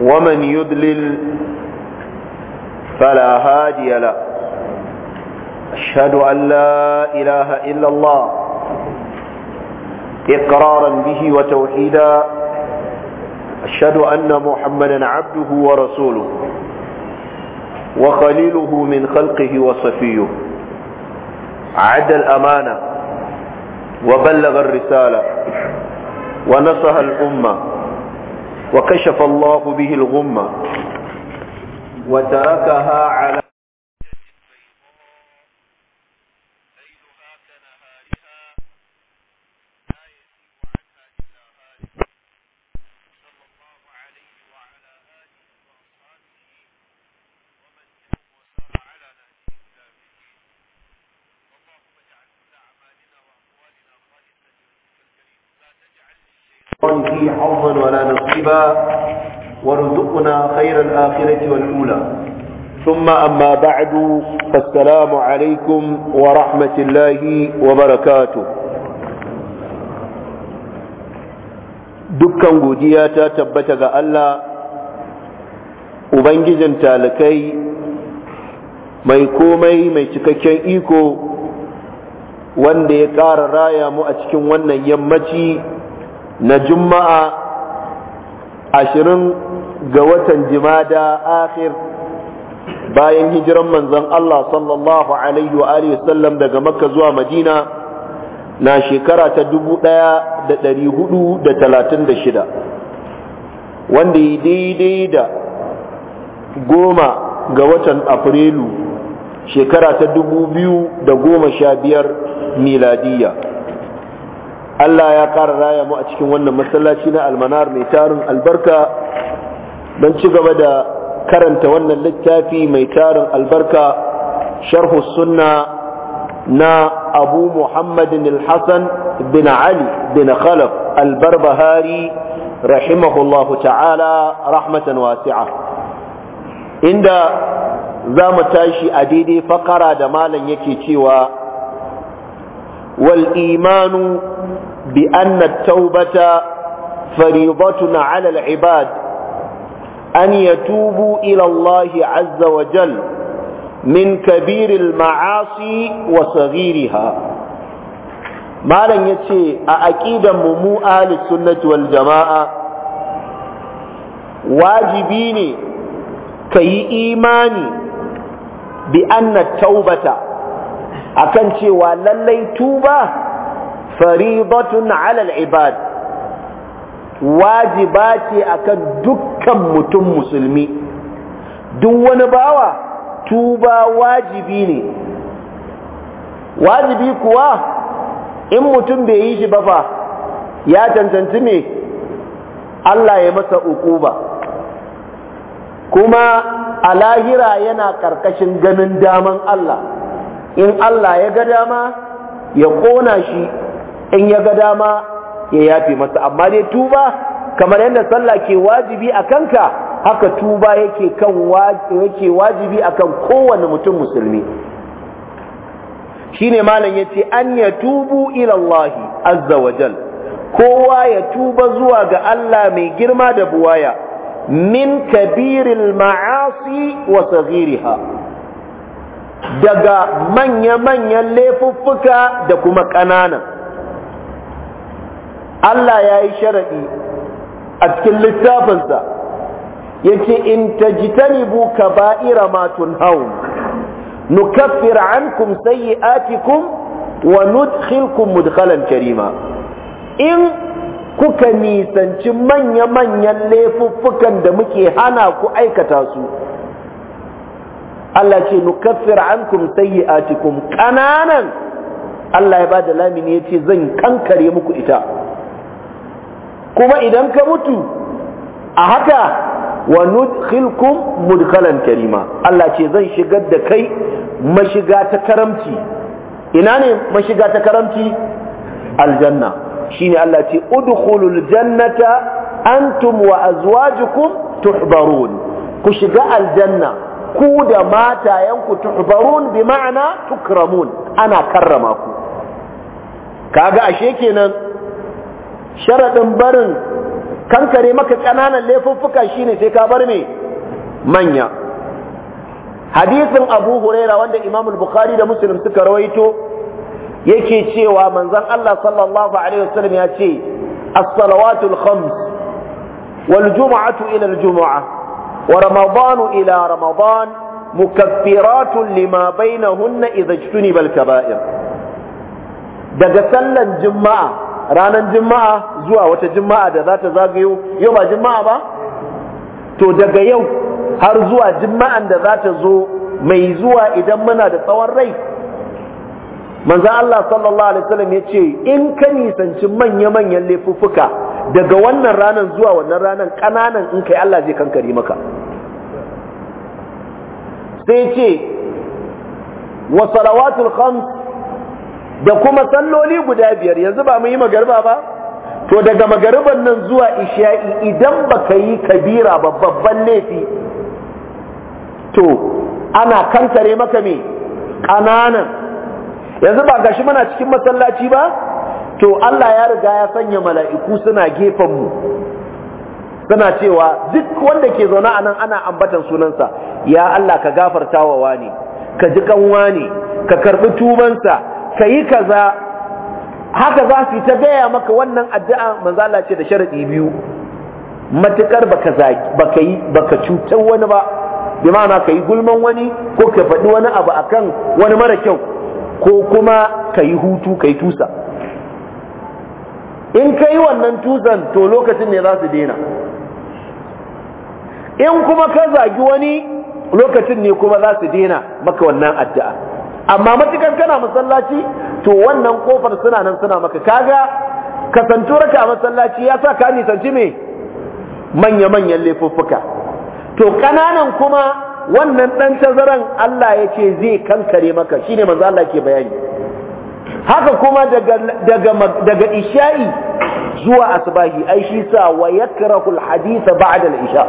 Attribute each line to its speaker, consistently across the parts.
Speaker 1: ومن يدلل فلا هادي له أشهد أن لا إله إلا الله إقرارا به وتوحيدا أشهد أن محمدا عبده ورسوله وخليله من خلقه وصفيه عد الأمانة وبلغ الرسالة ونصح الأمة وكشف الله به الغمة وتركها على وارزقنا خير الآخرة والأولى ثم أما بعد فالسلام عليكم ورحمة الله وبركاته dukkan godiya ta tabbata ga Allah Ubangijin talakai mai komai mai cikakken iko wanda ya ƙara raya mu a cikin wannan yammaci
Speaker 2: na juma'a
Speaker 1: ashirin ga watan jimada akhir bayan hijiran manzon Allah sallallahu alaihi wa alihi sallam daga makka zuwa madina na shekara ta ɗaya da da da ɗari talatin shida, wanda ya daidai da goma ga watan afrilu shekara ta da goma sha biyar miladiya Allah ya ƙara raya mu a cikin wannan masallaci na almanar mai tarin albarka don ci gaba da karanta wannan littafi mai tarin albarka sharhu sunna na abu muhammadin al-hassan bin ali bin khalaf al-barbahari rahimahullahu ta'ala rahmatan wasi'a inda za mu tashi a daidai fakara da malam yake cewa wal imanu bi anna taubata faridatun ala al-ibad أن يتوبوا إلى الله عز وجل من كبير المعاصي وصغيرها ما لن يتشي أأكيد ممو آل السنة والجماعة واجبين كي إيماني بأن التوبة أكن شوى للي توبة فريضة على العباد واجباتي أكن دك kan mutum musulmi duk wani bawa tuba wajibi ne wajibi kuwa in mutum bai yi shi ba fa ya cancanci me Allah ya masa ukuba kuma a lahira yana ƙarƙashin ganin daman Allah in Allah ya ga dama ya ƙona shi in ya ga dama ya yafe masa amma dai tuba kamar yadda sallah ke wajibi a kanka haka tuba yake kan yake wajibi akan kowane mutum musulmi shine malam ce an ya tubu ilallahi azza wajal kowa ya tuba zuwa ga Allah mai girma da buwaya min kabirin ma'asi wa saghiriha daga manya-manyan laifuffuka da kuma ƙananan Allah ya yi sharaɗi a cikin littafinsa yace in tajtanibu ira ma tunhaun nukaffir ankum atikum wa nudkhilkum mudkhalan karima in kuka nisanci manya-manyan laifuffukan da muke hana ku aikata su Allah ce nukaffir ankum atikum, ƙananan Allah ya ba da lamini ce zan kankare muku ita kuma idan ka mutu a haka wa nudkhilkum mudkhalan karima Allah ce zan shigar da kai mashiga ta karamci ina ne mashiga ta karamci aljanna shine Allah ce udkhulul jannata antum wa azwajukum tuhbarun ku shiga aljanna ku da matayanku tuhbarun bi ma'ana tukramun ana karrama ku kaga ashe kenan sharaɗin barin kankare maka ƙananan laifuffuka shine sai ka bar me manya hadisin abu huraira wanda imam bukhari da muslim suka rawaito yake cewa manzon allah sallallahu alaihi wasallam ya ce as-salawatul khams wal jumu'atu ila al wa ramadanu ila ramadan mukaffiratun lima bainahunna idza ijtuniba al-kaba'ir daga sallan juma'a ranar juma'a zuwa wata juma'a da za ta zagayo yau ba juma'a ba to daga yau har zuwa juma'an da za ta zo mai zuwa idan muna da tsawon rai manzo Allah sallallahu alaihi wasallam ya ce in ka nisanci manya-manyan laifuffuka daga wannan ranar zuwa wannan ranar ƙananan in kai Allah zai kankare maka sai ce wa salawatul khams da kuma salloli guda biyar yanzu ba mu yi magarba ba to daga magarban nan zuwa isha'i idan baka yi kabira ba babban laifi to ana kankare maka me ƙananan yanzu ba gashi muna cikin masallaci ba to Allah ya riga ya sanya mala'iku suna gefen mu suna cewa duk wanda ke zaune anan ana ambatan sunansa ya Allah ka gafarta wa wani ka ji kanwa ne ka karbi tubansa ka yi kaza haka za su yi ta gaya maka wannan addu'a manzala ce da sharaɗi biyu matuƙar baka cutar wani ba bi ma'ana ka yi gulman wani ko ka faɗi wani abu a kan wani mara kyau ko kuma ka yi hutu ka yi tusa in ka yi wannan tusan to lokacin ne za su daina in kuma ka zagi wani lokacin ne kuma za su daina maka wannan addu'a amma matukar kana masallaci to wannan kofar suna nan suna maka kaga raka a masallaci ya sa ka nisanci me manya-manyan laifuffuka to kananan kuma wannan dan tazaran Allah ya ce zai kankare maka shine manzo Allah ke bayani haka kuma daga daga daga isha'i zuwa asbahi ai shi sa wa yakrahu al-hadith ba'da al-isha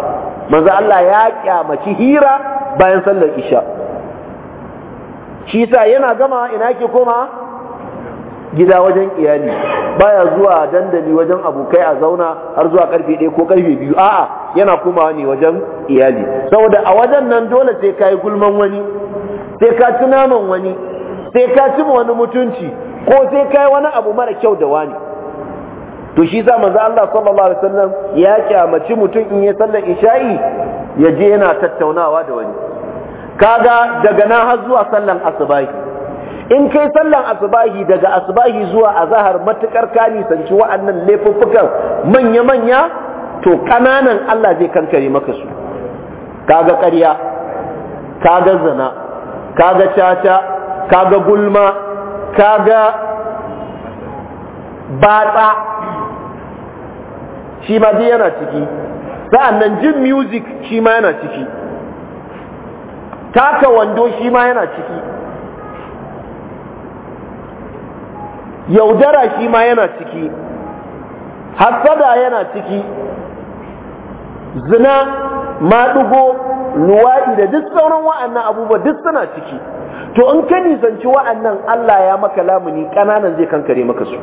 Speaker 1: manzo Allah ya kyamaci hira bayan sallar isha' shi sa yana gama ina ke koma gida wajen iyali baya zuwa dandali wajen abokai a zauna har zuwa karfe ɗaya ko karfe biyu a'a yana komawa ne wajen iyali saboda a wajen nan dole sai ka gulman wani sai ka ci naman wani sai ka ci wani mutunci ko sai ka wani abu mara kyau da wani to shi za manzo Allah sallallahu alaihi wasallam ya kyamaci mutum in ya sallar isha'i ya je yana tattaunawa da wani kaga daga na har zuwa sallan asubahi in kai sallan asubahi daga asubahi zuwa azahar matukar ka nisanci wa'annan laifuffukan manya-manya to kananan Allah zai kankare maka su kaga ƙarya kaga zina kaga caca kaga gulma kaga batsa shi ma yana ciki sa'annan jin music shi ma yana ciki taka wando shi ma yana ciki yaudara shi ma yana ciki hasada yana ciki zina maɗugo luwaɗi da duk sauran wa'annan abubuwa duk suna ciki to in ka nisanci wa'annan Allah ya maka lamuni ƙananan zai kankare maka su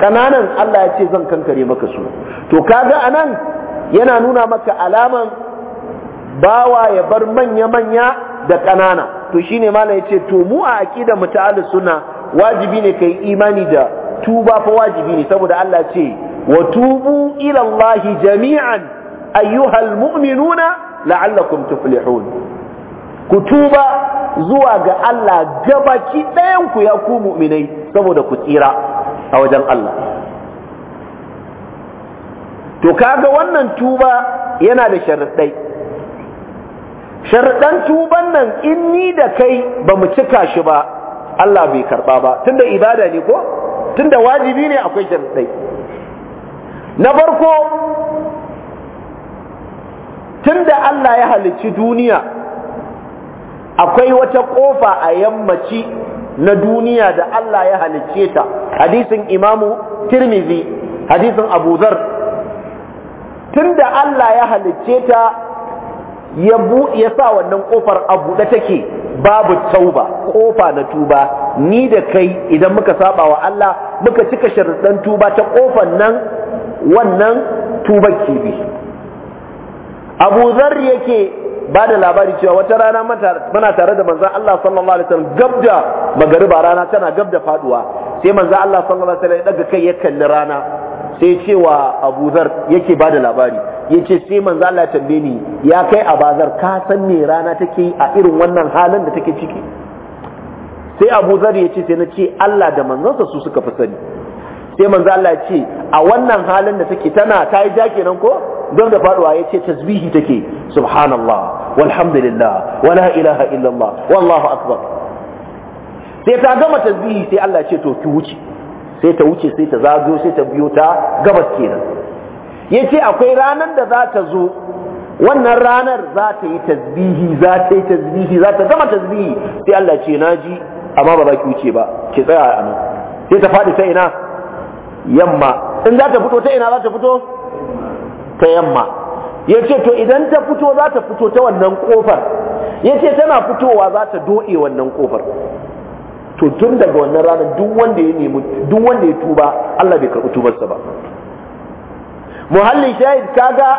Speaker 1: ƙananan Allah ya ce zan kankare maka su to kaga anan yana nuna maka alaman bawa ya bar manya-manya da ƙanana to shine malam yace to mu a aqida da ta suna wajibi ne kai imani da tuba fa wajibi ne saboda Allah ce wa tubu ila jami'an ayyuhal mu'minuna la'allakum tuflihun ku tuba zuwa ga Allah gabaki ɗayan ku ya ku mu'minai saboda ku tsira a wajen Allah to kaga wannan tuba yana da sharaɗai sharɗan tuban nan in ni da kai ba mu cika shi ba Allah bai karɓa ba tunda ibada ne ko tunda wajibi ne akwai sharɗai na farko tunda Allah ya halicci duniya akwai wata ƙofa a yammaci na duniya da Allah ya halicce ta hadisin imamu tirmizi hadisin abu zar tunda Allah ya halicce ta ya bu ya sa wannan kofar a buɗe take babu tauba kofa na tuba ni da kai idan muka saba wa Allah muka cika sharuɗan tuba ta kofar nan wannan ke bi Abu zar yake ba da labari cewa wata rana muna tare da manzon Allah sallallahu alaihi wasallam gabda magariba rana tana gabda faduwa sai manzon Allah sallallahu alaihi wasallam ya daga kai ya kalli rana sai cewa Abu Zar yake da labari ya ce sai manzo Allah tambaye ni ya kai Abazar ka san me rana take yi a irin wannan halin da take ciki sai Abu Zar ce sai na ce Allah da manzonsa su suka fi sani sai manzo Allah ya ce a wannan halin da take tana ta yi ja kenan ko don da faduwa ya ce tasbihi take subhanallah walhamdulillah wala ilaha illallah wallahu akbar sai ta gama tasbihi sai Allah ya ce to ki wuce sai ta wuce sai ta zazo sai ta biyo ta gabas kenan yace akwai ranar da za ta zo wannan ranar za ta yi tasbihi za ta yi tasbihi za ta gama tasbihi sai Allah ce naji amma ba za ki wuce ba ki tsaya a nan sai ta faɗi ta ina yamma in za ta fito ta ina za ta fito ta yamma Yace to idan ta fito za ta fito ta wannan kofar Yace tana fitowa za ta doɗe wannan kofar to tun daga wannan ranar duk wanda ya nemi duk wanda ya tuba Allah bai karɓi tubarsa ba muhallin shahid kaga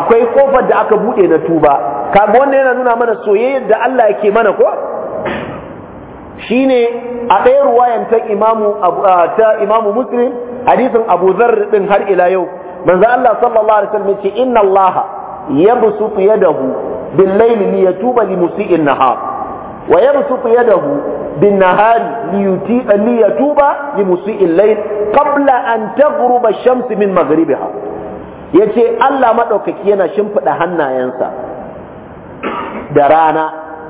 Speaker 1: akwai kofar da aka bude na tuba kaga wanda yana nuna mana soyayyar da Allah yake mana ko shine a ɗaya ruwayan ta imamu ta imamu muslim hadisin abu zar din har ila yau manzo Allah sallallahu alaihi wasallam ce inna Allah yabsutu yadahu bil layli liyatuba li musii'in nahar wa yabsutu yadahu bin nahari li yuti li yatuba li musi'il layl qabla an taghruba ash-shams min maghribiha yace Allah madaukaki yana shimfida hannayensa da rana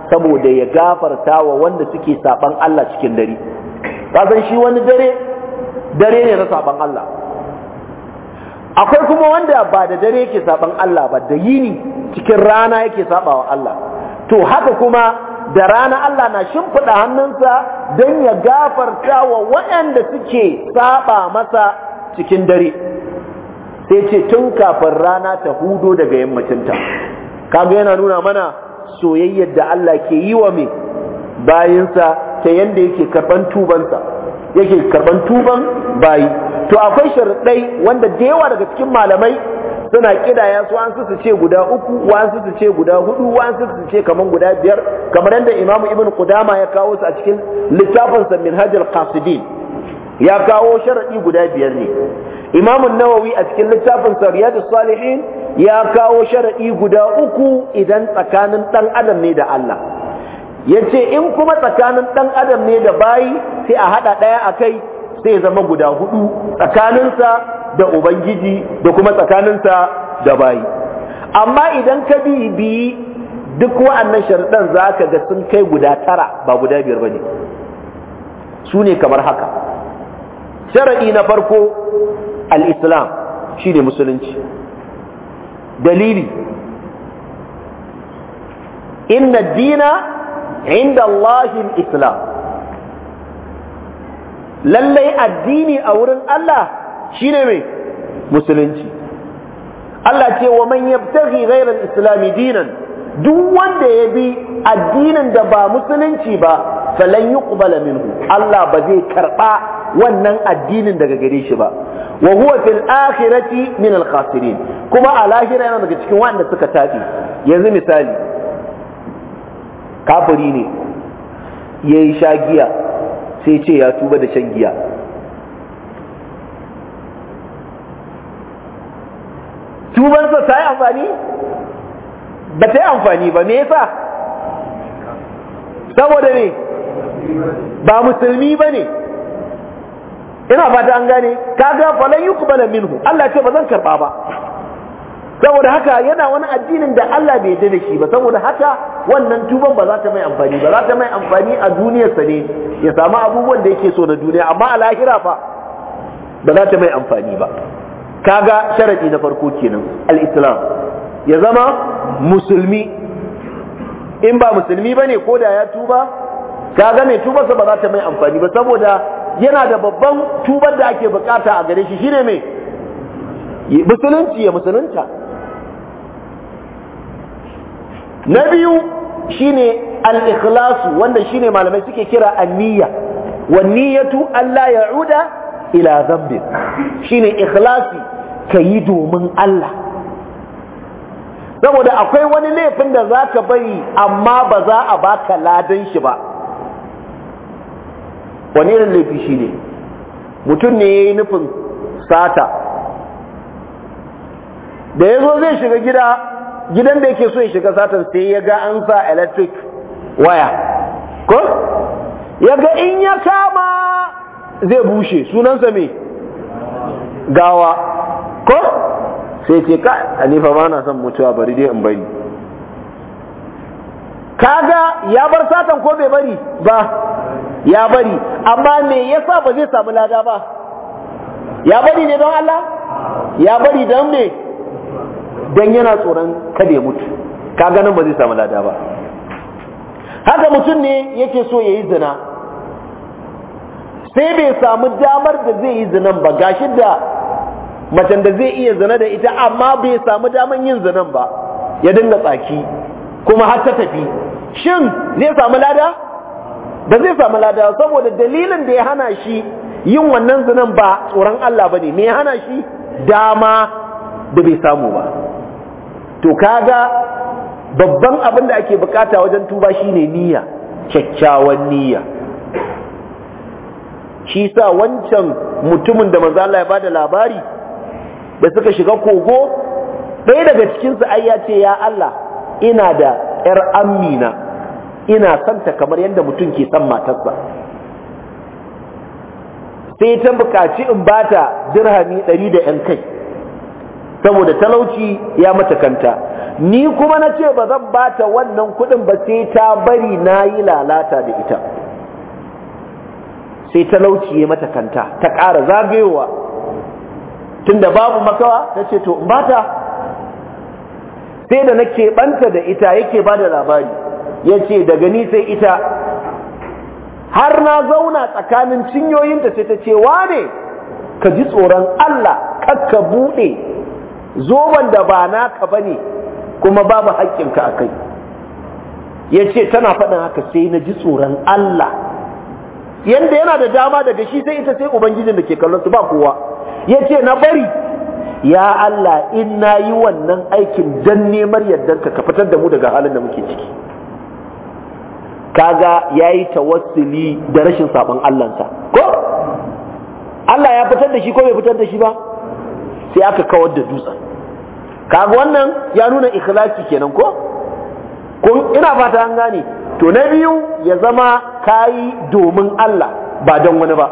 Speaker 1: saboda ya gafarta wa wanda suke saban Allah cikin dare kasan shi wani dare dare ne na saban Allah akwai kuma wanda ba da dare yake saban Allah ba da yini cikin rana yake sabawa Allah to haka kuma da rana Allah na shimfiɗa hannunsa don ya gafarta wa waɗanda suke saba masa cikin dare sai ce tun kafin rana ta hudo daga yammacinta kaga yana nuna mana soyayyar da Allah ke yi wa mai bayinsa ta yadda yake karɓan tubansa yake karɓan tuban bayi to akwai sharaɗai wanda da yawa daga cikin malamai suna kidaya su an su ce guda uku wa'ansu su ce guda hudu wa'ansu su ce kaman guda biyar kamar yadda imamu ibn qudama ya kawo su a cikin littafin sa minhajul qasidin ya kawo sharadi guda biyar ne imamu nawawi a cikin littafin sa riyadus salihin ya kawo sharadi guda uku idan tsakanin dan adam ne da Allah yace in kuma tsakanin dan adam ne da bayi sai a hada a kai sai zama guda hudu tsakaninsa da ubangiji da kuma tsakaninsa da bayi amma idan ka bi biyi duk wa'annan sharuɗan za ka ga sun kai guda tara ba guda biyar ba ne su ne kamar haka sharaɗi na farko al'islam shi ne musulunci dalili inna dina inda Allahin islam lallai addini a wurin Allah Shi ne mai musulunci Allah ce wa man yabtaghi ghayra al-islam dinan duk wanda ya bi addinin da ba musulunci ba falan yuqbala minhu Allah ba zai karba wannan addinin daga gare shi ba wa huwa fil akhirati min al-khasirin kuma a lahira yana daga cikin wanda suka tafi yanzu misali kafiri ne yayi shagiya sai ce ya tuba da shan giya tubansa ta yi amfani ba ta yi amfani ba me yasa saboda ne ba musulmi ba ne ina fata an gane kaga falan yuqbala minhu Allah ce ba zan karba ba saboda haka yana wani addinin da Allah bai yarda da shi ba saboda haka wannan tuban ba za ta mai amfani ba za ta mai amfani a duniyarsa ne ya samu abubuwan da yake so na duniya amma a lahira fa ba za ta mai amfani ba kaga sharadi na farko kenan al-islam ya zama musulmi in ba musulmi bane ko da ya tuba kaga mai tubarsa ba za ta mai amfani ba saboda yana da babban tubar da ake bukata a gare shi shine mai musulunci ya musulunta na biyu shine al-ikhlas wanda shine malamai suke kira an-niyya wa niyyatu an la ya'uda ila zambin shine ikhlasi ka yi domin Allah saboda akwai wani laifin da za ka bari amma ba za a baka ladan shi ba wani irin laifi shi ne mutum ne ya yi nufin sata da ya zo zai shiga gida gidan da yake so ya shiga satar sai ya ga an sa electric waya ko ya ga in ya kama zai bushe sunansa me gawa ko sai ce ka alifa ba na son mutuwa bari dai in bari kaga ya bar satan ko bai bari ba ya bari amma me yasa ba zai samu lada ba ya bari ne don Allah ya bari don me don yana tsoron kada ya mutu kaga nan ba zai samu lada ba haka mutum ne yake so ya yi zina sai bai samu damar da zai yi zinan ba gashi da macen da zai iya zina da ita amma bai samu damar yin zinan ba ya dinga tsaki kuma har ta tafi shin zai samu lada ba zai samu lada saboda dalilin da ya hana shi yin wannan zinan ba tsoron Allah bane me ya hana shi dama da bai samu ba to kaga babban abin da ake bukata wajen tuba shine niyya kyakkyawan niyya shi sa wancan mutumin da manzo Allah ya bada labari da suka shiga kogo ɗaya daga cikin ai ya ce ya Allah ina da ƴar ammina ina santa kamar yadda mutum ke san matarsa sai ta bukaci in bata dirhami ɗari da ƴan kai saboda talauci ya matakanta ni kuma na ce ba zan bata wannan kuɗin ba sai ta bari na yi lalata da ita sai talauci ya mata kanta ta ƙara zagayowa tunda babu makawa ta ce to in bata sai da na keɓanta da ita yake ba da labari ya ce daga ni sai ita har na zauna tsakanin cinyoyinta sai ta ce ne ka ji tsoron Allah kakka buɗe zoban da ba naka ba ne kuma babu haƙƙinka a kai ya ce tana faɗin haka sai na ji tsoron Allah yanda yana da dama daga shi sai ita sai ubangijin da ke kallon su ba kowa Ya ce na bari ya Allah in na yi wannan aikin dan nemar yardanka ka fitar da mu daga halin da muke ciki kaga ya yayi tawassuli da rashin saban Allahnsa ko Allah ya fitar da shi ko bai fitar da shi ba sai aka kawar da dutsen kaga wannan ya nuna ikhlasi kenan ko ko ina fata an gane to na biyu ya zama kayi domin Allah ba don wani ba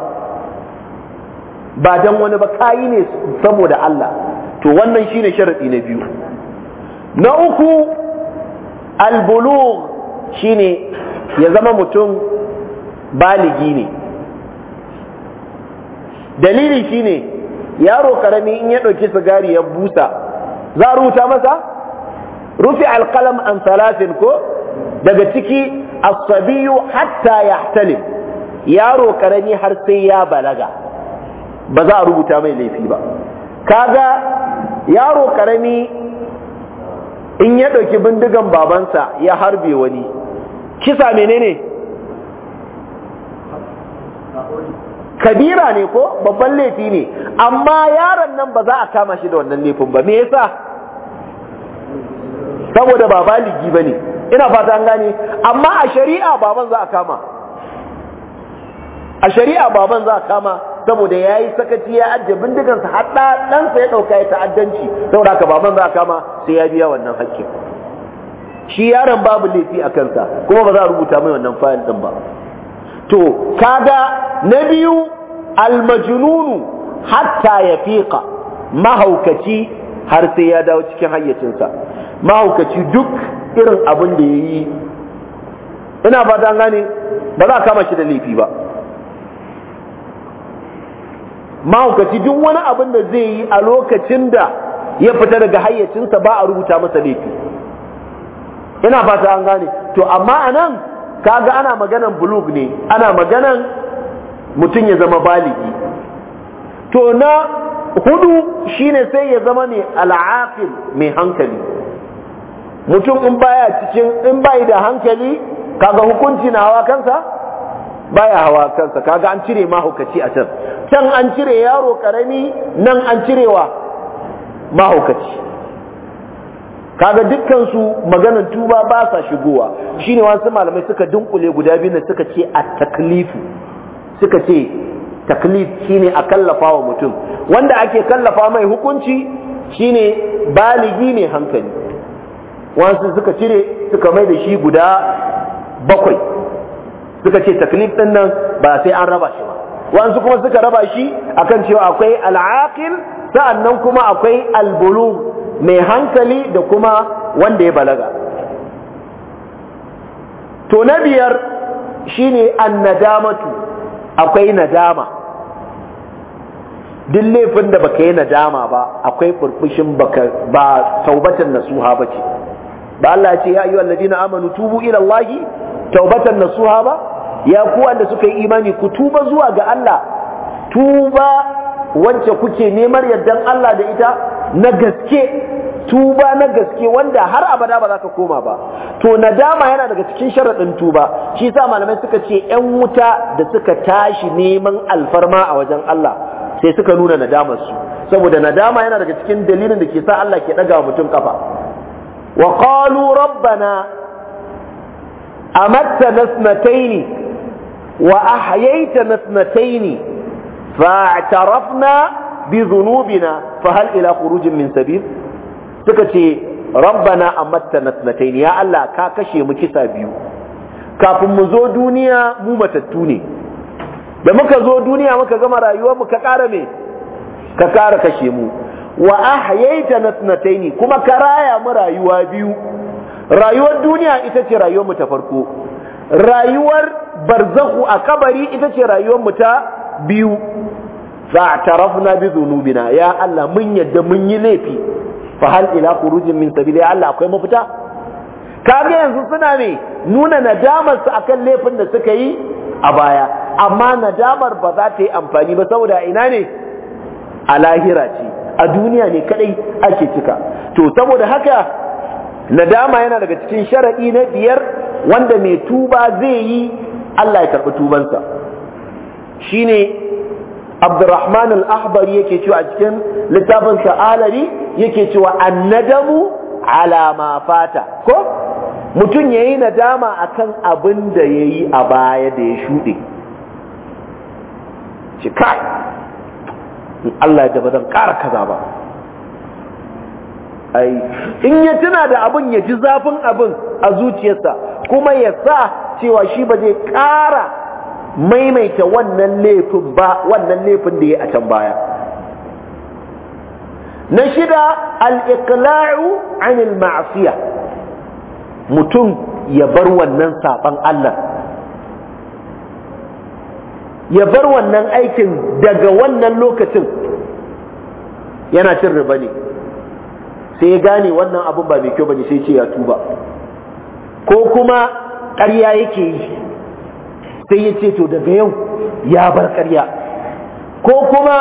Speaker 1: ba don wani ba kayi ne saboda Allah to wannan shine sharadi na biyu na uku albulugh shine ya zama mutum baligi ne dalili shine yaro karami in ya ɗauki sigari ya busa za a rubuta masa rufe alkalam an salasin ko daga ciki asabiyu hatta ya yahtalim yaro karami har sai ya balaga ba za a rubuta mai laifi ba kaga yaro karami in ya ɗauki bindigan babansa ya harbe wani kisa menene kabira ne ko babban laifi ne amma yaron nan ba za a kama shi da wannan laifin ba me yasa saboda ba baligi ba ne ina fata an gane amma a shari'a baban za a kama a shari'a baban za a kama saboda ya yi sakaci ya ajiye bindigansa haɗa ɗansa ya ɗauka ya ta'addanci saboda haka baban za a kama sai ya biya wannan hakkin shi yaron babu laifi a kansa kuma ba za a rubuta mai wannan fayil ɗin ba to kaga na biyu almajnunu hatta ya fiƙa mahaukaci har sai ya dawo cikin hayyacinsa mahaukaci duk irin abin da ya yi ina ba don gane ba za a kama shi da laifi ba mahaukaci duk wani abin da zai yi a lokacin da ya fita daga hayyacinsa ba a rubuta masa laifi ina ba ta gane to amma a nan kaga ana maganan blog ne ana maganan mutum ya zama baligi to na hudu shine sai ya zama ne al'aqil mai hankali mutum in baya cikin in bai da hankali kaga hukunci na hawa kansa baya hawa kansa kaga an cire mahaukaci a can can an cire yaro karami nan an cirewa mahaukaci kaga dukkan su maganar tuba ba sa shigowa shine wasu malamai suka dunkule guda biyu ne suka ce a taklifu suka ce taklif shine a kallafa wa mutum wanda ake kallafa mai hukunci shine baligi ne hankali wasu suka cire suka mai da shi guda bakwai suka ce taklif ɗin nan ba sai an raba shi ba wasu kuma suka raba shi akan cewa akwai al'aqil sa'annan kuma akwai albulu mai hankali da kuma wanda ya balaga to na biyar shine annadamatu akwai nadama duk laifin da baka yi nadama ba akwai burbushin ba taubatan nasuha ba ce. ba Allah ya ce ya ayyuhal ladina amanu tubu ila Allah taubatan nasuha ba ya ku wanda suka yi imani ku tuba zuwa ga Allah tuba wacce kuke neman yardan Allah da ita na gaske tuba na gaske wanda har abada ba za ka koma ba to nadama yana daga cikin sharaɗin tuba shi sa malamai suka ce 'yan wuta da suka tashi neman alfarma a wajen Allah sai suka nuna nadamar su. saboda nadama yana daga cikin dalilin da ke sa Allah ke ɗaga mutum kafa وقالوا ربنا أمتنا اثنتين وأحييتنا اثنتين فاعترفنا بذنوبنا فهل إلى خروج من سبيل تكتي ربنا أمتنا اثنتين يا الله كاكشي مكسا بيو kafin mu zo duniya mu matattu ne da muka zo duniya muka gama rayuwar wa ahyaita nasnataini kuma ka raya mu rayuwa biyu rayuwar duniya ita ce rayuwar mu ta farko rayuwar barzahu a kabari ita ce rayuwar mu ta biyu tarafna bi dhunubina ya Allah mun yadda mun yi laifi fa hal ila khurujin min sabili ya Allah akwai mafita kaga yanzu suna ne nuna nadamar su akan laifin da suka yi a baya amma nadamar ba za ta yi amfani ba saboda ina ne a lahira ce a duniya ne kadai ake cika to saboda haka nadama yana daga cikin sharadi na biyar wanda mai tuba zai yi Allah ya karɓi tubansa shine Abdurrahman al-Ahbari yake cewa a cikin littafin Sa'alari yake cewa annadamu ala ma fata ko mutum yayi nadama akan abin da yayi a baya da ya shuɗe. kai in Allah ya ba zan ƙara kaza ba ai in ya tuna da abun ya ji zafin abin a zuciyarsa kuma ya sa cewa shi ba zai ƙara maimaita wannan laifin ba wannan laifin da ya a can baya na shida al-iqla'u 'anil ma'siyah mutum ya bar wannan saban Allah ya bar wannan aikin daga wannan lokacin yana cin riba ne sai ya gane wannan abin ba mai kyau bane sai ce ya tuba ko kuma ƙarya yake yi sai ya ce to daga yau ya bar ƙarya ko kuma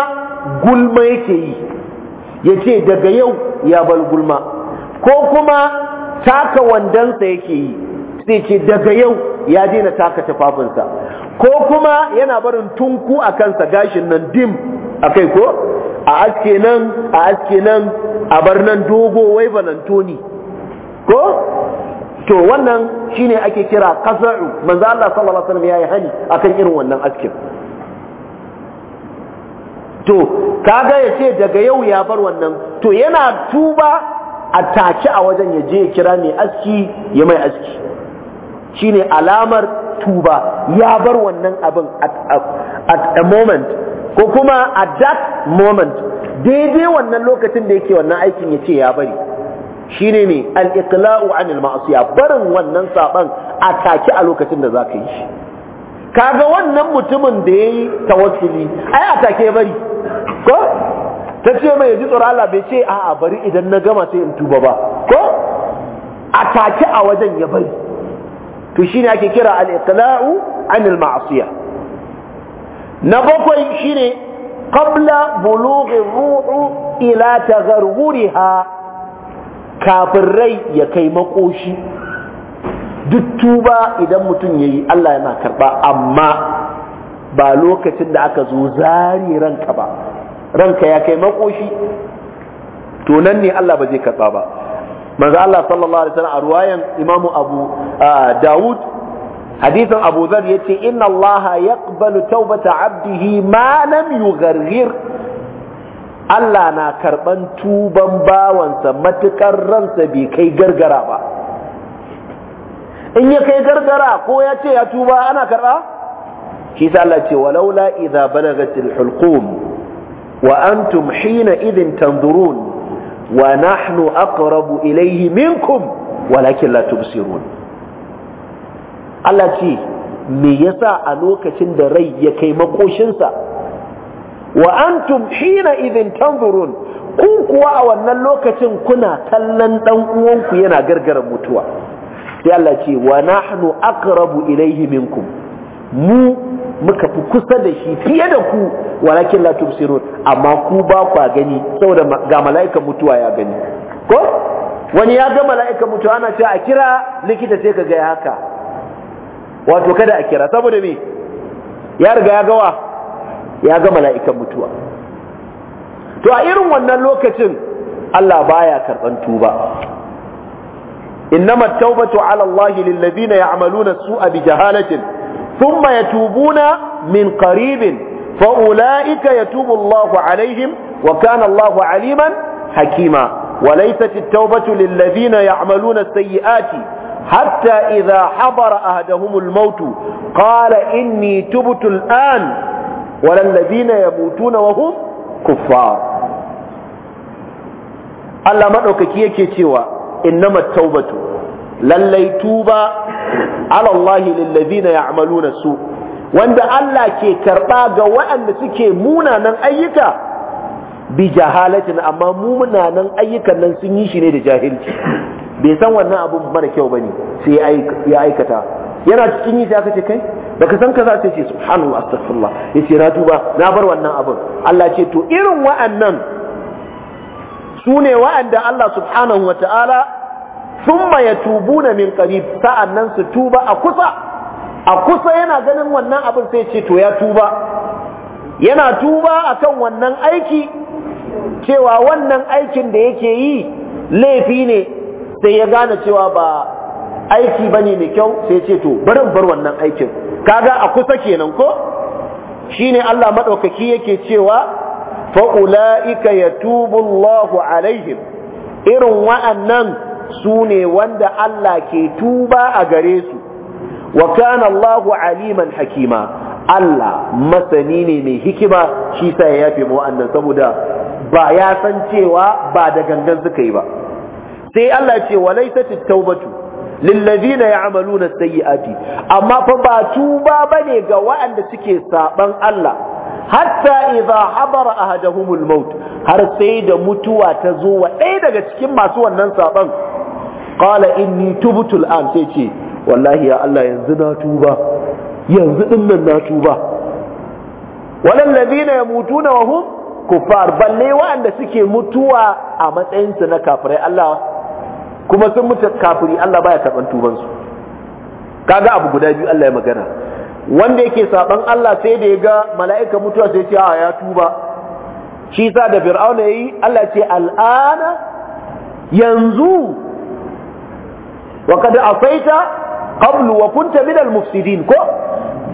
Speaker 1: gulma yake yi ya ce daga yau ya bar gulma ko kuma taka wandonsa yake yi sai ce daga yau ya daina taka tafafinsa ko kuma yana barin tunku a kansa gashin nan dim a kai ko a aske nan a aske nan a bar nan dogo wai balantoni ko to wannan shine ake kira qasa'u manzo Allah sallallahu alaihi wasallam yayi hani akan irin wannan askin to kaga yace daga yau ya bar wannan to yana tuba a take a wajen ya je ya kira mai aski ya mai aski shine alamar tuba ya bar wannan abin at a moment ko kuma at that moment daidai wannan lokacin da yake wannan aikin ya ce ya bari Shi ne al-iqla'u anil ya barin wannan saban a take a lokacin da zaka yi shi kaga wannan mutumin da yayi tawassuli ai a take ya bari ko ta ce mai ji tsoron Allah bai ce a'a bari idan na gama sai in tuba ba ko a take a wajen ya bari to shine ake kira al-iqla'u anil ma'siyah na bakwai shine qabla bulughi ruhu ila tagharghuriha kafin rai ya kai makoshi duk tuba idan mutum yayi Allah yana karba amma ba lokacin da aka zo zari ranka ba ranka ya kai makoshi to nan ne Allah ba zai karɓa ba manzo Allah sallallahu alaihi wasallam a ruwayan Imam Abu Dawud hadisin Abu Dharr yace inna Allah yaqbalu taubata abdihi ma lam yugharghir Allah na karban tuban bawansa matukar ransa bai kai gargara ba in ya kai gargara ko ya ce ya tuba ana karba shi sa Allah ce walaula idza balagatil hulqum wa antum hina idin tanzurun wa nahnu aqrabu ilayhi minkum walakin la tubsirun Allah ce me yasa a lokacin da rai ya kai makoshinsa wa antum hina idhin tanzurun kun kuwa a wannan lokacin kuna kallon dan uwanku yana gargara mutuwa sai Allah ce wa nahnu aqrabu ilayhi minkum mu muka fi kusa da shi fiye da ku walakin la tubsirun amma ku ba ku gani saboda ga mala'ikan mutuwa ya gani ko wani ya ga mala'ikan mutuwa ana cewa a kira likita sai ka ga haka wato kada a kira saboda me ya riga ya gawa ya ga mala'ikan mutuwa to a irin wannan lokacin Allah baya karban tuba إنما التوبة على الله للذين su'a bi jahalatin thumma yatubuna min qaribin fa ulaika yatubu Allahu alaihim wa kana Allahu aliman hakima وليست التوبة للذين يعملون السيئات حتى إذا حضر أهدهم الموت قال إني تبت الآن ولا الذين يموتون وهم كفار Allah maɗaukaki yake cewa innama taubatu lallai tuba ala Allah lillazina ya'maluna su wanda Allah ke karba ga waɗanda suke munanan ayyuka bi jahalatin amma munanan ayyukan nan sun yi shi ne da jahilci bai san wannan abun mara kyau bane sai ya aikata yana cikin yi sai aka ce kai baka san ka za sai ce subhanallah astaghfirullah yace na duba na bar wannan abun Allah ce to irin wa'annan su ne wa'anda Allah subhanahu wa ta'ala thumma yatubuna min qarib sa'annan su tuba a kusa a kusa yana ganin wannan abin sai ce to ya tuba yana tuba akan wannan aiki cewa wannan aikin da yake yi laifi ne sai ya gane cewa ba aiki ne mai kyau sai ce to barin bar wannan aikin kaga a kusa kenan ko shine Allah madaukaki yake cewa faula'ika ya tubu Allahu irin wa'annan su ne wanda Allah ke tuba a gare su wa kana aliman hakima Allah masani ne mai hikima shi sa ya yafe mu saboda ba ya san cewa ba da gangan suka yi ba sai Allah ce wa laysat at-taubatu lillazina ya'maluna as-sayyi'ati amma fa ba tuba bane ga wa'anda suke saban Allah hatta idza habara ahaduhumul maut har sai da mutuwa ta zo wa ɗaya daga cikin masu wannan saban qala inni tubtu al'an sai ce wallahi ya Allah yanzu na tuba yanzu din na tuba walal ladina yamutuna wa hum kuffar balle waɗanda suke mutuwa a matsayin na kafirai Allah kuma sun mutu kafiri Allah baya karban tuban su kaga abu guda biyu Allah ya magana wanda yake saɓan Allah sai da ya ga mala'ika mutuwa sai ce a ya tuba shi sa da fir'auna yayi Allah ce al'ana yanzu wa akwai ta qablu wa kunta minal mufsidin ko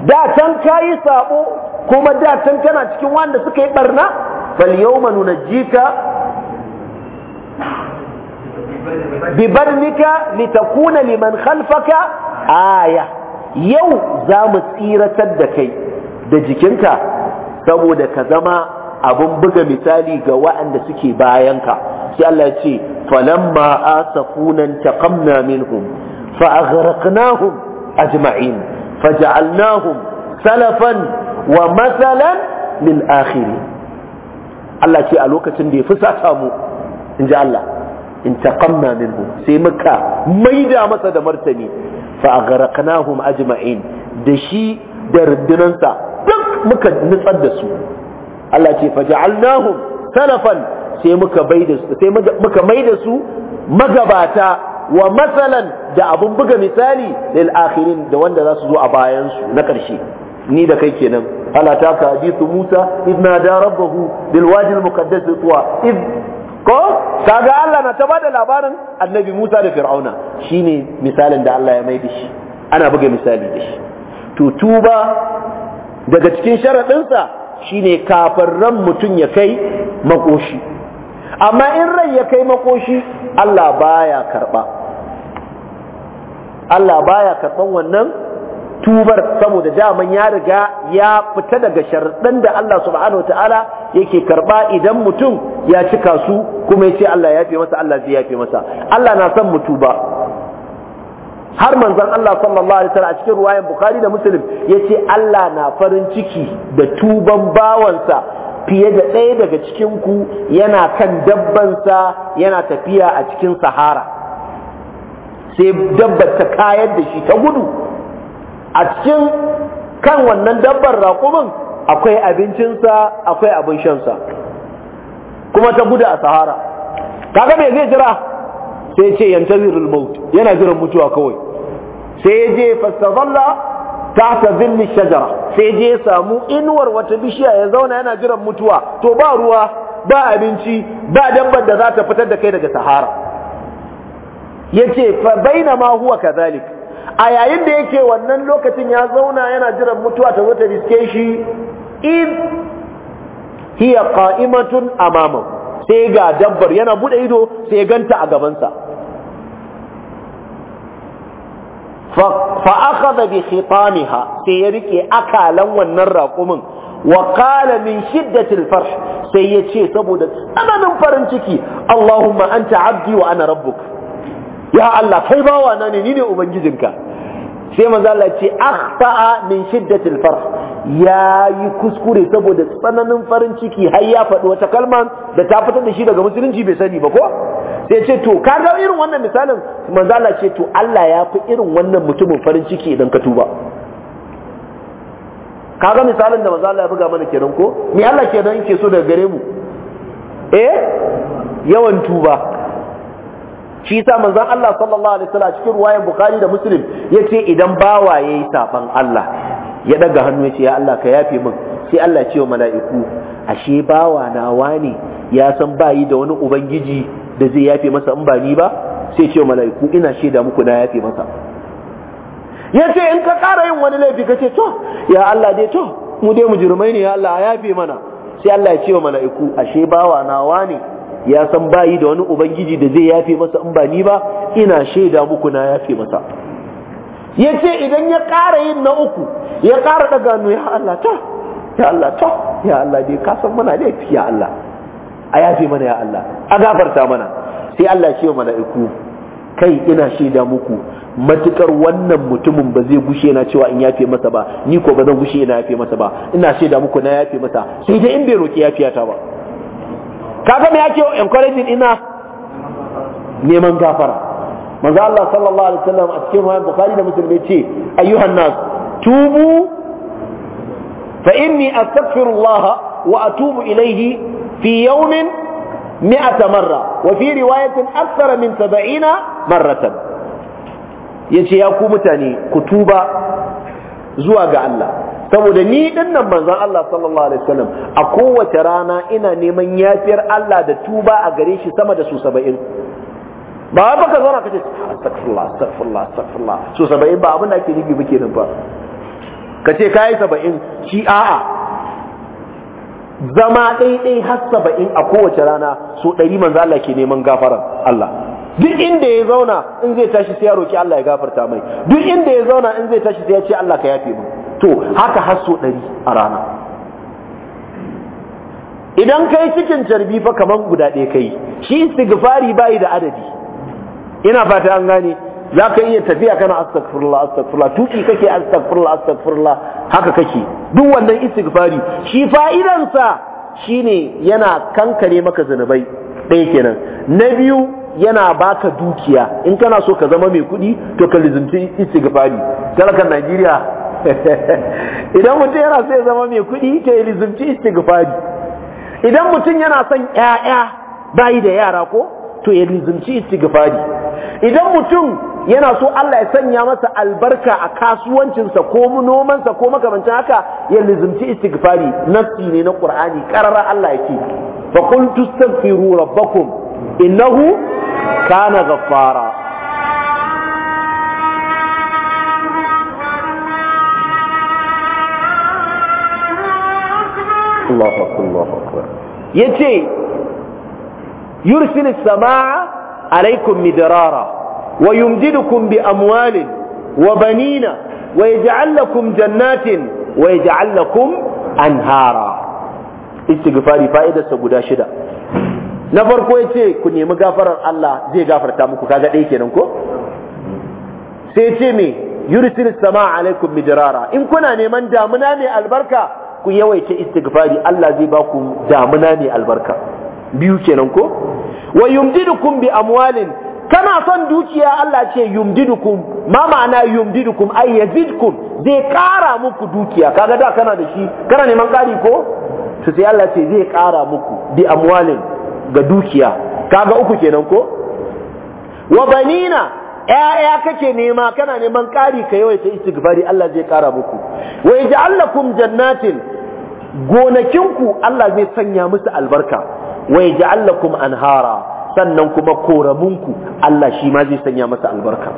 Speaker 1: da can kayi saɓo kuma da kana cikin wanda suka yi barna fal yawma nunajjika bi litakuna liman khalfaka aya yau za mu tsiratar da kai da jikinka saboda ka zama abun buga misali ga waɗanda suke bayanka sai Allah ya ce falamma asafunan taqamna minhum fa aghraqnahum ajma'in faja'alnahum salafan wa masalan lil akhirin Allah ce a lokacin da ya fusata mu in ji Allah in taqamna minhum sai muka maida masa da martani fa aghraqnahum ajma'in da shi da rundunansa duk muka nutsar da su Allah ce faja'alnahum salafan sai muka bai su sai muka mai su magabata wa masalan da abun buga misali lil akhirin da wanda za su zo a bayan su na karshe ni da kai kenan ala ta ka hadithu Musa idh nada rabbahu bil wadi al muqaddas tuwa idh ko kaga Allah na ta bada labarin annabi Musa da Fir'auna shine misalin da Allah ya maida shi ana buga misali da shi to tuba daga cikin sharadin sa shine kafarran mutun ya kai makoshi amma in rai ya kai makoshi Allah baya karba Allah baya karban wannan tubar saboda daman ya riga ya fita daga sharɗan da Allah subhanahu wataala yake karba idan mutum ya cika su kuma ya ce Allah ya fi masa Allah zai ya fi masa Allah na son mutuba har manzon Allah sallallahu alaihi wasallam a cikin ruwayan Bukhari da Muslim yace Allah na farin ciki da tuban bawansa fiye da ɗaya daga cikin ku yana kan dabbansa yana tafiya a cikin sahara sai dabbar ta kayar da shi ta gudu a cikin kan wannan dabbar raƙumin akwai abincinsa akwai abin shansa kuma ta gudu a sahara kaga me zai jira sai ce yantazirul maut yana jiran mutuwa kawai sai ya je fastazalla ta zilli shajara sai je ya samu inuwar wata bishiya ya zauna yana jiran mutuwa to ba ruwa ba abinci ba dabbar da za ta fitar da kai daga sahara yace fa ma huwa kadhalik a yayin da yake wannan lokacin ya zauna yana jiran mutuwa ta wata biske riske shi In hiya qa'imatun amama sai ga dabbar yana bude ido sai ganta a gabansa فأخذ بخطامها سيريك أكالا والنرى قمن وقال من شدة الفرح سيتشي سبودا أنا من فرنتكي اللهم أنت عبدي وأنا ربك يا الله كيبا وانا نيني أبنجزنك سيما زالة أخطأ من شدة الفرح ya yi kuskure saboda tsananin farin ciki har ya faɗi wata kalma da ta fitar da shi daga musulunci bai sani ba ko sai ce to ka ga irin wannan misalin manzala ce to Allah ya fi irin wannan mutumin farin ciki idan ka tuba Ka ga misalin da manzala ya buga mana kenan ko me Allah ke dan yake so daga gare mu eh yawan tuba shi yasa manzon Allah sallallahu alaihi wasallam cikin ruwayar Bukhari da Muslim yace idan bawa yayi saban Allah ya daga hannu yace ya Allah ka yafe min sai Allah ya ce wa mala'iku ashe bawa na wani ya san bayi da wani ubangiji da zai yafe masa in ba ni ba sai ce mala'iku ina shaida muku na yafe masa ya ce in ka ƙara yin wani laifi ka ce to ya Allah dai to mu dai mu mujrimai ne ya Allah a yafe mana sai Allah ya ce wa mala'iku ashe bawa nawa ne ya san bayi da wani ubangiji da zai yafe masa in ba ni ba ina shaida muku na yafe masa ya ce idan ya ƙara yin na uku ya ƙara daga hannu ya Allah ta ya Allah ta ya Allah dai ka san muna laifi ya Allah a yafe mana ya Allah a gafarta mana sai Allah ya ce mala'iku kai ina shaida muku matukar wannan mutumin ba zai gushe na cewa in yafe masa ba ni ko ba zan gushe ina yafe masa ba ina shaida muku na yafe masa sai dai in bai roki yafiya ta ba kaga me yake encouraging ina neman gafara manzo Allah sallallahu alaihi wasallam a cikin riwayat Bukhari da Muslim ya ce ayyuhan nas tubu fa inni astaghfirullah wa atubu ilayhi fi yawmin mi'ata marra wa fi riwayatin akthara min 70 marratan yace ya ku mutane ku tuba zuwa ga Allah saboda ni dinnan manzon Allah sallallahu alaihi wasallam a kowace rana ina neman yafiyar Allah da tuba a gare shi sama da su 70 ba wai baka zauna kace astaghfirullah astaghfirullah astaghfirullah so 70 ba abin da ake nufi ba ba kace kai 70 shi a'a zama ɗaiɗai har saba'in a kowace rana so ɗari manzo Allah ke neman gafarar Allah duk inda ya zauna in zai tashi sai ya roki Allah ya gafarta mai duk inda ya zauna in zai tashi sai ya ce Allah ka yafe min to haka har so ɗari a rana idan kai cikin carbi fa kaman guda ɗaya kai shi istighfari bai da adadi ina fata an gane za ka iya tafiya kana astagfirullah astagfirullah tuki kake astagfirullah astagfirullah haka kake duk wannan istighfari shi fa'idansa shine yana kankare maka zanubai ɗaya kenan na biyu yana baka dukiya in kana so ka zama mai kuɗi to ka lizunci istighfari talakan Najeriya idan mutum yana so ya zama mai kuɗi to ya lizunci istighfari idan mutum yana son ƴaƴa bayi da yara ko to ya lizunci istighfari idan mutum yana so Allah ya sanya masa albarka a kasuwancinsa ko nomansa ko makamancin haka ya lizimci istighfari nafsi ne na Qur'ani karara Allah yake fa qultu astaghfiru rabbakum innahu kana ghaffara
Speaker 2: Allahu akbar Allahu akbar
Speaker 1: yace yursilu samaa alaikum midrara wa yumdidukum bi amwalin wa banina wa yaj'al lakum jannatin wa yaj'al lakum anhara istighfari fa'idarsa guda shida na farko yace ku nemi gafarar Allah zai gafarta muku kaga dai kenan ko sai yace me yursil samaa alaikum midrara in kuna neman damuna mai albarka ku yawaita istighfari Allah zai baku ku damuna mai albarka biyu kenan ko wa yumdidukum bi amwalin kana son dukiya Allah ce yumdidukum ma ma'ana yumdidukum ay yazidkum zai kara muku dukiya kaga da kana da shi kana neman kari ko to sai Allah ce zai kara muku bi amwalin ga dukiya kaga uku kenan ko wa banina ya kake nema kana neman kari ka yawaita istighfari Allah zai kara muku wa yaj'alakum jannatin gonakinku Allah zai sanya musu albarka wa yaj'alakum anhara sannan kuma koraminku Allah shi ma zai sanya masa albarka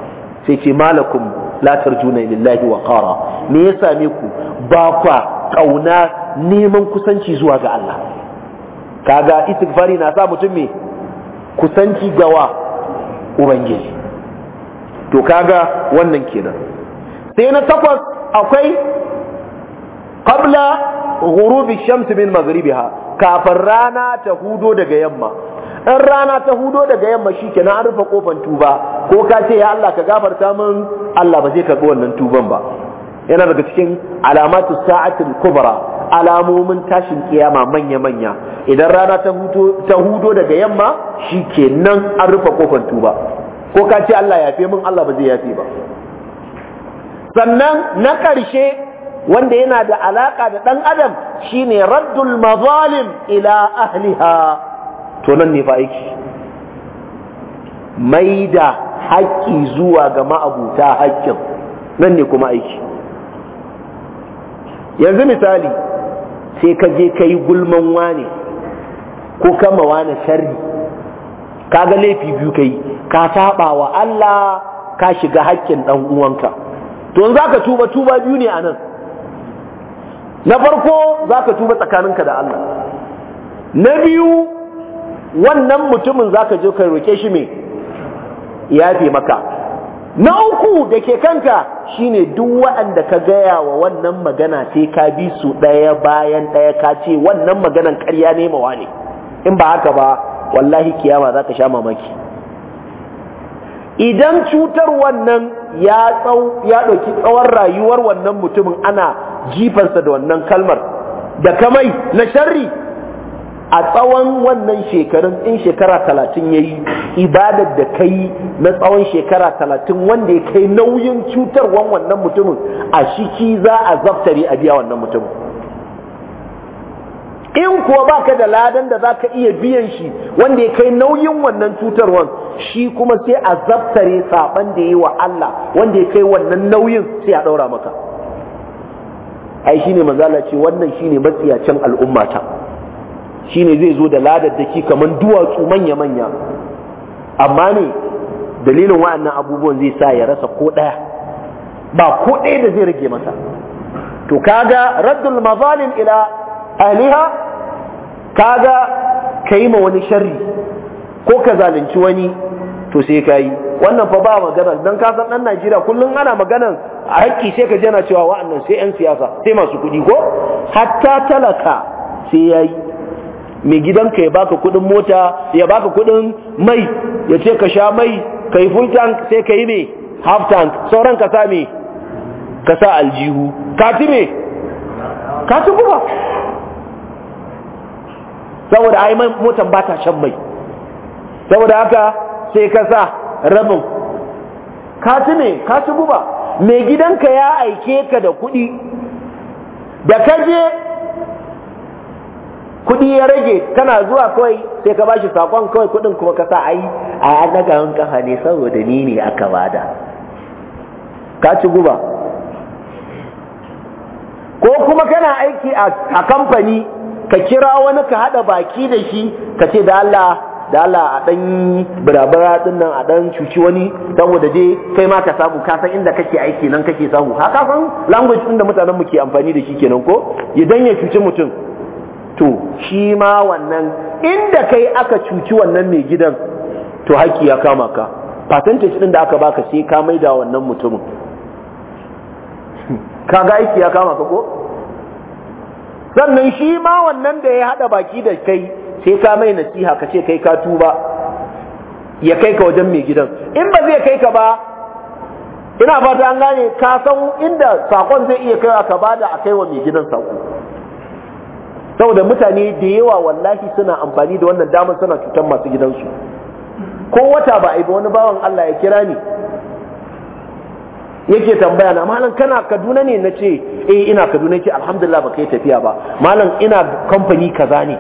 Speaker 1: sai ce malakum la tarjuna lillahi wa qara me ya same ku ba kwa kauna neman kusanci zuwa ga Allah kaga istighfari na sa mutum me kusanci gawa ubangiji to kaga wannan kenan sai na takwas akwai qabla ghurubi shams min maghribiha kafin rana ta hudo daga yamma in rana ta hudo daga yamma shi kenan an rufe kofan tuba ko ka ce ya Allah ka gafarta min Allah ba zai karɓi wannan tuban ba yana daga cikin alamatu sa'atin kubra alamomin tashin kiyama manya-manya idan rana ta hudo daga yamma shi kenan an rufe kofan tuba ko ka ce Allah yafe min Allah ba zai yafe ba sannan na ƙarshe wanda yana da alaka da ɗan adam shine raddul mazalim ila ahliha to nan ne fa aiki mai da haƙƙi zuwa ga ma'abuta haƙƙin nan ne kuma aiki yanzu misali sai ka je ka yi gulman wane ko kama wane shari ka ga laifi biyu ka yi ka saba wa Allah ka shiga haƙƙin ɗan uwanka to za ka tuba tuba biyu ne a nan na farko za ka tuba tsakaninka da Allah na biyu wannan mutumin zaka je ka roke shi mai yafe maka na uku da ke kanka shine duk waɗanda ka gaya wa wannan magana sai ka bi su ɗaya bayan ɗaya ka ce wannan maganan karya ne mawa ne in ba haka ba wallahi kiyama za ka sha mamaki idan cutar wannan ya ɗauki tsawon rayuwar wannan mutumin ana jifansa da wannan kalmar da kamai na sharri a tsawon wannan shekarun in shekara talatin ya yi ibadar da ka yi na tsawon shekara talatin wanda ya kai nauyin cutarwan wannan mutumin a shiki za a zaftare a biya wannan mutumin in kuwa baka da ladan da za ka iya biyan shi wanda ya kai nauyin wannan cutarwan shi kuma sai a zaftare saban da ya yi wa Allah wanda ya kai wannan nauyin sai a ɗaura maka ai shine manzala ce wannan shine matsiyacin al'ummata Shi ne zai zo da ladaddaki kamar duwatsu manya-manya amma ne dalilin wa'annan abubuwan zai sa ya rasa ko ɗaya ba ko ɗaya da zai rage masa to kaga raddul mazalim ila aliha kaga ka yi ma wani sharri ko ka zalunci wani to sai ka yi wannan fa ba magana don ka san ɗan najeriya kullum ana magana a haƙƙi sai ka jana cewa wa'annan sai 'yan siyasa sai masu kuɗi ko hatta talaka sai ya yi mai gidanka ya baka kudin mota ya baka kudin mai ya ce ka sha mai ka yi full tank sai ka yi mai half tank sauran ka sa mai ka sa aljihu ka ci mai ka ci kuma saboda ai motan ba ta shan mai saboda haka sai ka sa rabin ka ci mai ka ci guba mai gidanka ya aike ka da kuɗi da ka je kuɗi ya rage kana zuwa kawai sai ka bashi sakon kawai kuɗin kuma ka sa ai a an daga kafa ne saboda ni ne aka bada ka ci guba ko kuma kana aiki a kamfani ka kira wani ka haɗa baki da shi ka ce da Allah da Allah a ɗan birabira ɗin nan a ɗan cuci wani saboda je kai ma ka samu ka san inda kake aiki nan kake samu haka san language ɗin da mutanen mu ke amfani da shi kenan ko idan ya cuci mutum to shi ma wannan inda kai aka cuci wannan mai gidan to haƙƙi ya kama ka patentin ɗin da aka baka sai ka maida wannan mutumin ka ga aiki ya kama ka ko sannan shi ma wannan da ya haɗa baki da kai sai ka mai nasiha ka ce kai ka tuba ya kai ka wajen mai gidan in ba zai kai ka ba ina fata an gane ka san inda sakon zai iya wa ka bada a kai wa mai gidan sako saboda mutane da yawa wallahi suna amfani da wannan damar suna cutar masu gidansu ko wata ba a yi ba wani bawan Allah ya kira ni yake tambaya na malam kana Kaduna ne na ce eh ina Kaduna ke alhamdulillah ba kai tafiya ba malam ina kamfani kaza ne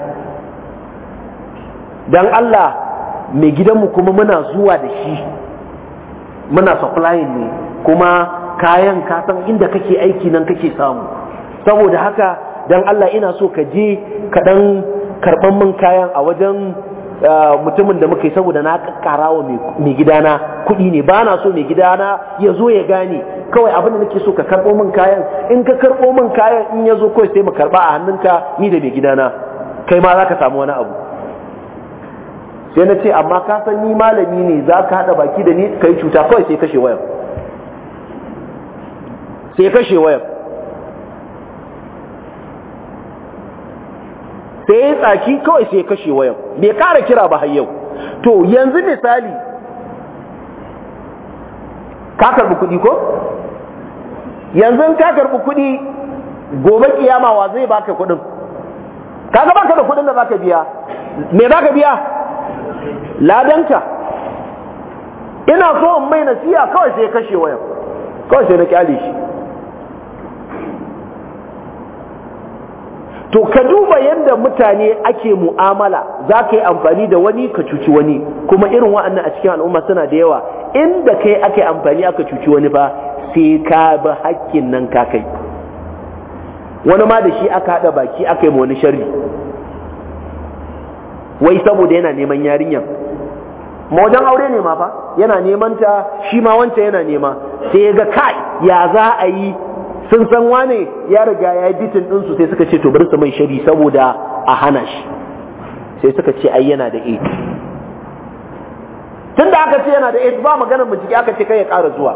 Speaker 1: dan Allah mai gidanmu kuma muna zuwa da shi muna supplying ne kuma kayan ka san inda kake aiki nan kake samu saboda haka dan Allah ina so ka je kaɗan dan karban min kayan a wajen mutumin da muka yi saboda na kakkara wa mai gidana kuɗi ne ba na so mai gidana ya zo ya gane kawai abin da nake so ka karɓo min kayan in ka karɓo min kayan in ya zo kawai sai mu karɓa a hannunka ni da mai gidana kai ma za ka samu wani abu sai na ce amma ka san ni malami ne za ka haɗa baki da ni ka yi cuta kawai sai kashe wayar sai kashe wayar sai ya tsaki kawai sai ya kashe wayan bai kara kira ba har yau to yanzu misali ka karbi kuɗi ko yanzu ka karbi kuɗi gobe kiyama wa zai baka kuɗin kaga baka da kuɗin da zaka biya me zaka biya ladanka ina so in mai nasiya kawai sai ya kashe wayan kawai sai na kyale shi to ka duba yadda mutane ake mu'amala za ka yi amfani da wani ka cuci wani kuma irin wa'annan a cikin al'umma suna da yawa inda kai ake amfani aka cuci wani ba sai ka bi hakkin nan ka kai wani ma da shi aka haɗa baki aka yi wani sharri wai saboda yana neman yarinyar ma wajen aure ne ma fa yana neman ta shi ma wancan yana nema sai ya ga kai ya za a yi sun san wane ya riga ya bitin su sai suka ce to bari su mai shari saboda a hana shi sai suka ce ai yana da aid tun aka ce yana da aid ba mu bincike aka ce kai ya ƙara zuwa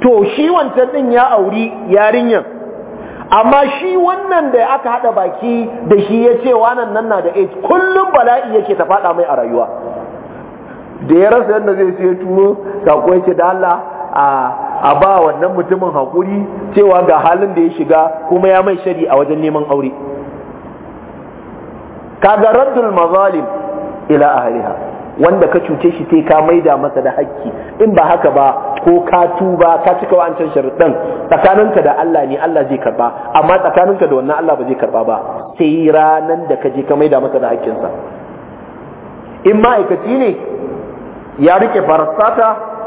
Speaker 1: to shi wancan ɗin ya auri yarinyar amma shi wannan da aka haɗa baki da shi ya ce wannan nan na da aid kullum bala'i yake ta faɗa mai a rayuwa da ya rasa yadda zai sai turo sako yake da Allah a ba wannan mutumin hakuri cewa ga halin da ya shiga kuma ya mai shari a wajen neman aure kaga raddul mazalim ila ahliha wanda ka cuce shi sai ka maida masa da hakki in ba haka ba ko ka tuba ka cika wa'ancan sharuɗan tsakaninka da Allah ne Allah zai karba amma tsakaninka da wannan Allah ba zai karba ba sai ranan da ka je ka maida masa da hakkinsa in ma'aikaci ne ya rike farasata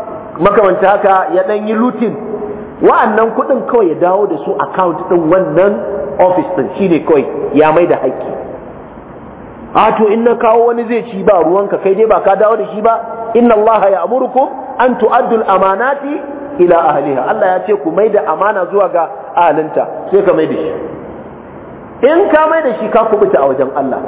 Speaker 1: makamanta haka ya dan yi lutin wa'annan kuɗin kawai ya dawo da su account ɗin wannan office ɗin shine kawai ya mai da haƙƙi a to in na kawo wani zai ci ba ruwanka kai dai ba ka dawo da shi ba inna allaha ya amurku an tu'addu al-amanati ila ahliha Allah ya ce ku mai da amana zuwa ga ahlinta sai ka mai da shi in ka mai da shi ka kubuta a wajen Allah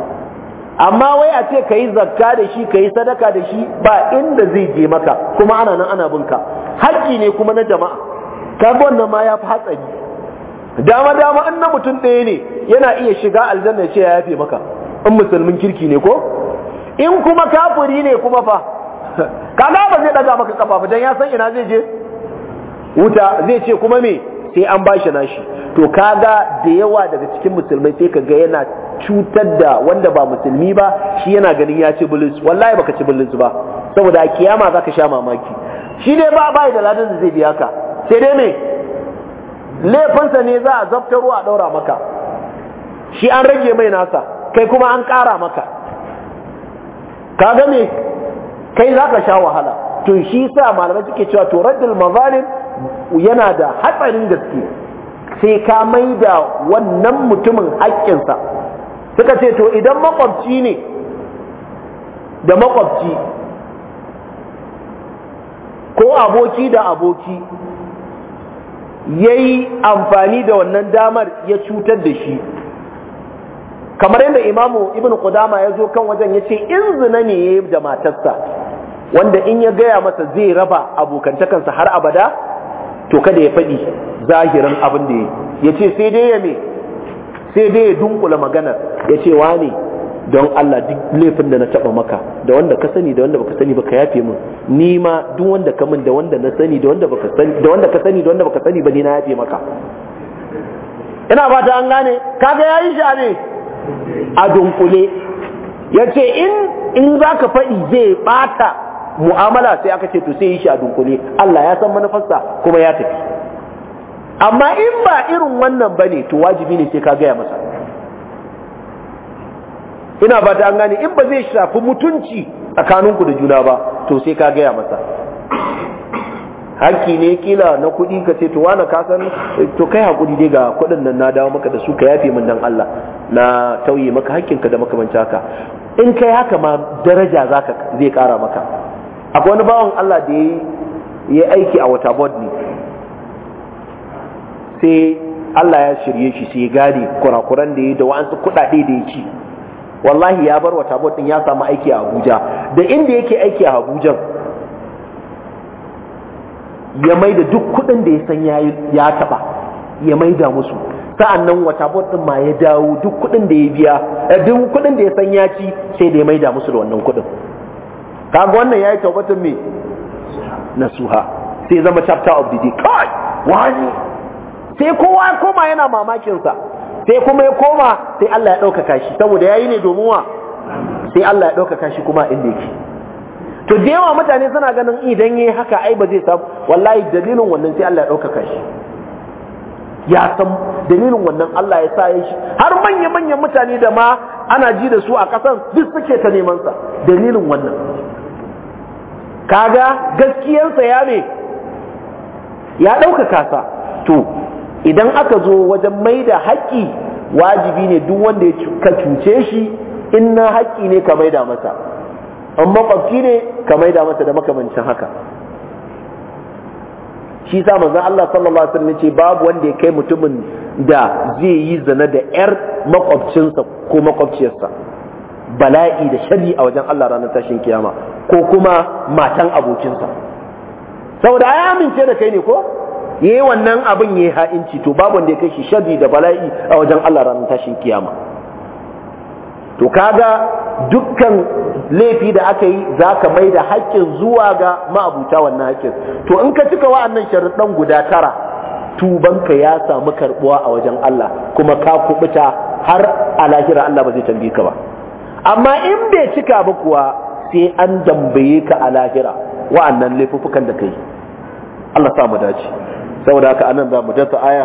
Speaker 1: amma wai a ce ka yi zakka da shi ka yi sadaka da shi ba inda zai je maka kuma ana nan ana binka haƙƙi ne kuma na jama'a ka wannan ma ya fi hatsari dama dama in na mutum ɗaya ne yana iya shiga aljanna ce ya yafe maka in musulmin kirki ne ko in kuma kafiri ne kuma fa kaga ba zai daga maka kafafu dan ya san ina zai je wuta zai ce kuma me sai an bashi nashi to kaga da yawa daga cikin musulmai sai ga yana cutar da wanda ba musulmi ba shi yana ganin ya ci bulus wallahi baka ci bulus ba saboda a kiyama zaka sha mamaki shi ne ba bai da ladan da zai biya ka sai dai me laifinsa ne za a zaftaro a daura maka shi an rage mai nasa kai kuma an kara maka ka ga me kai zaka sha wahala to shi sa malamai suke cewa to raddul mazalim yana da hatsarin gaske sai ka maida wannan mutumin haƙƙinsa suka ce to idan makwabci ne da makwabci ko aboki da aboki ya yi amfani da wannan damar ya cutar da shi kamar yadda imamu ibn Qudama ya zo kan wajen ya ce in zina ne ya yi da matarsa wanda in ya gaya masa zai raba abokantakansa har abada to kada ya faɗi zahirin abin da ya ce sai dai ya me sai dai ya dunkula maganar ya ce wane don Allah duk laifin da na taba maka da wanda ka sani da wanda baka sani baka yafe min ni ma duk wanda ka min da wanda na sani da wanda baka sani da wanda ka sani da wanda baka sani ba ni na yafe maka ina fata an gane kaga yayi shi a ne a dunkule yace in in zaka faɗi zai bata mu'amala sai aka ce to sai yi shi a dunkule Allah ya san manufarsa kuma ya tafi amma in ba irin wannan bane to wajibi ne sai ka gaya masa ina ba ta an gane in ba zai shafi mutunci tsakaninku da juna ba to sai ka gaya masa hakki ne kila na kuɗi ka ce to wani kasan to kai hakuri dai ga kuɗin nan na dawo maka da su ka yafe min dan Allah na tauye maka hakkinka da makamanci haka in kai haka ma daraja zaka zai ƙara maka akwai wani bawan Allah da ya aiki a wata board ne sai Allah ya shirye shi sai ya gane kurakuran da ya da wa'ansu kuɗaɗe da ya ci wallahi ya bar wa tabot din ya samu aiki a Abuja da inda yake aiki a Abuja ya mai da duk kudin da ya san ya taɓa ya mai da musu nan wata bot din ma ya dawo duk kudin da ya biya eh, duk kudin da ya san ya ci sai da ya mai da musu da wannan kudin. kaga wannan yayi tawbatun me nasuha sai zama chapter of the day kai wani sai kowa koma yana mamakin sa sai kuma ya koma sai Allah ya ɗaukaka shi saboda yayi ne domin wa sai Allah ya ɗaukaka shi kuma inda yake to da yawa mutane suna ganin idan yayi haka ai ba zai samu wallahi dalilin wannan sai Allah ya ɗaukaka shi ya san dalilin wannan Allah ya sa shi har manya manyan mutane da ma ana ji da su a ƙasan duk suke ta neman sa dalilin wannan kaga gaskiyarsa ya ne ya ɗaukaka sa to idan aka zo wajen mai da haƙƙi wajibi ne duk wanda ya ka cuce shi in na haƙƙi ne ka maida masa in makwabci ne ka maida masa da makamancin haka shi sa manzon Allah sallallahu alaihi wasallam ce babu wanda ya kai mutumin da zai yi zana da yar makwabcinsa ko makwabciyarsa bala'i da shari a wajen Allah ranar tashin kiyama ko kuma matan abokinsa saboda ai amince da kai ne ko yi wannan abin ya yi ha'inci to babu wanda ya kai shi sharri da bala'i a wajen Allah ranar tashin kiyama to ga dukkan laifi da aka yi za ka mai da haƙƙin zuwa ga ma'abuta wannan haƙƙin to in ka cika wa'annan sharuɗan guda tara tubanka ya samu karɓuwa a wajen Allah kuma ka kubuta har a lahira Allah ba zai tambayi ka ba amma in bai cika ba kuwa sai an dambaye ka a lahira wa'annan laifuffukan da ka yi. Allah samu dace saboda haka anan za mu dasa aya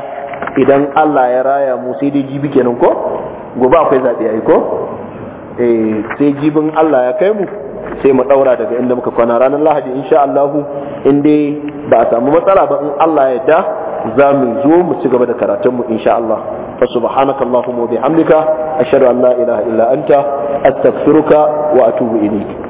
Speaker 1: idan Allah ya raya mu sai dai jibi kenan ko gobe akwai zaɓe ai ko eh sai jibin Allah ya kai mu sai mu daura daga inda muka kwana ranar Lahadi insha Allah in dai ba a samu matsala ba in Allah ya yarda za mu zo mu ci gaba da karatun mu insha Allah fa subhanaka allahumma wa bihamdika ashhadu an la ilaha illa anta astaghfiruka wa atubu ilayk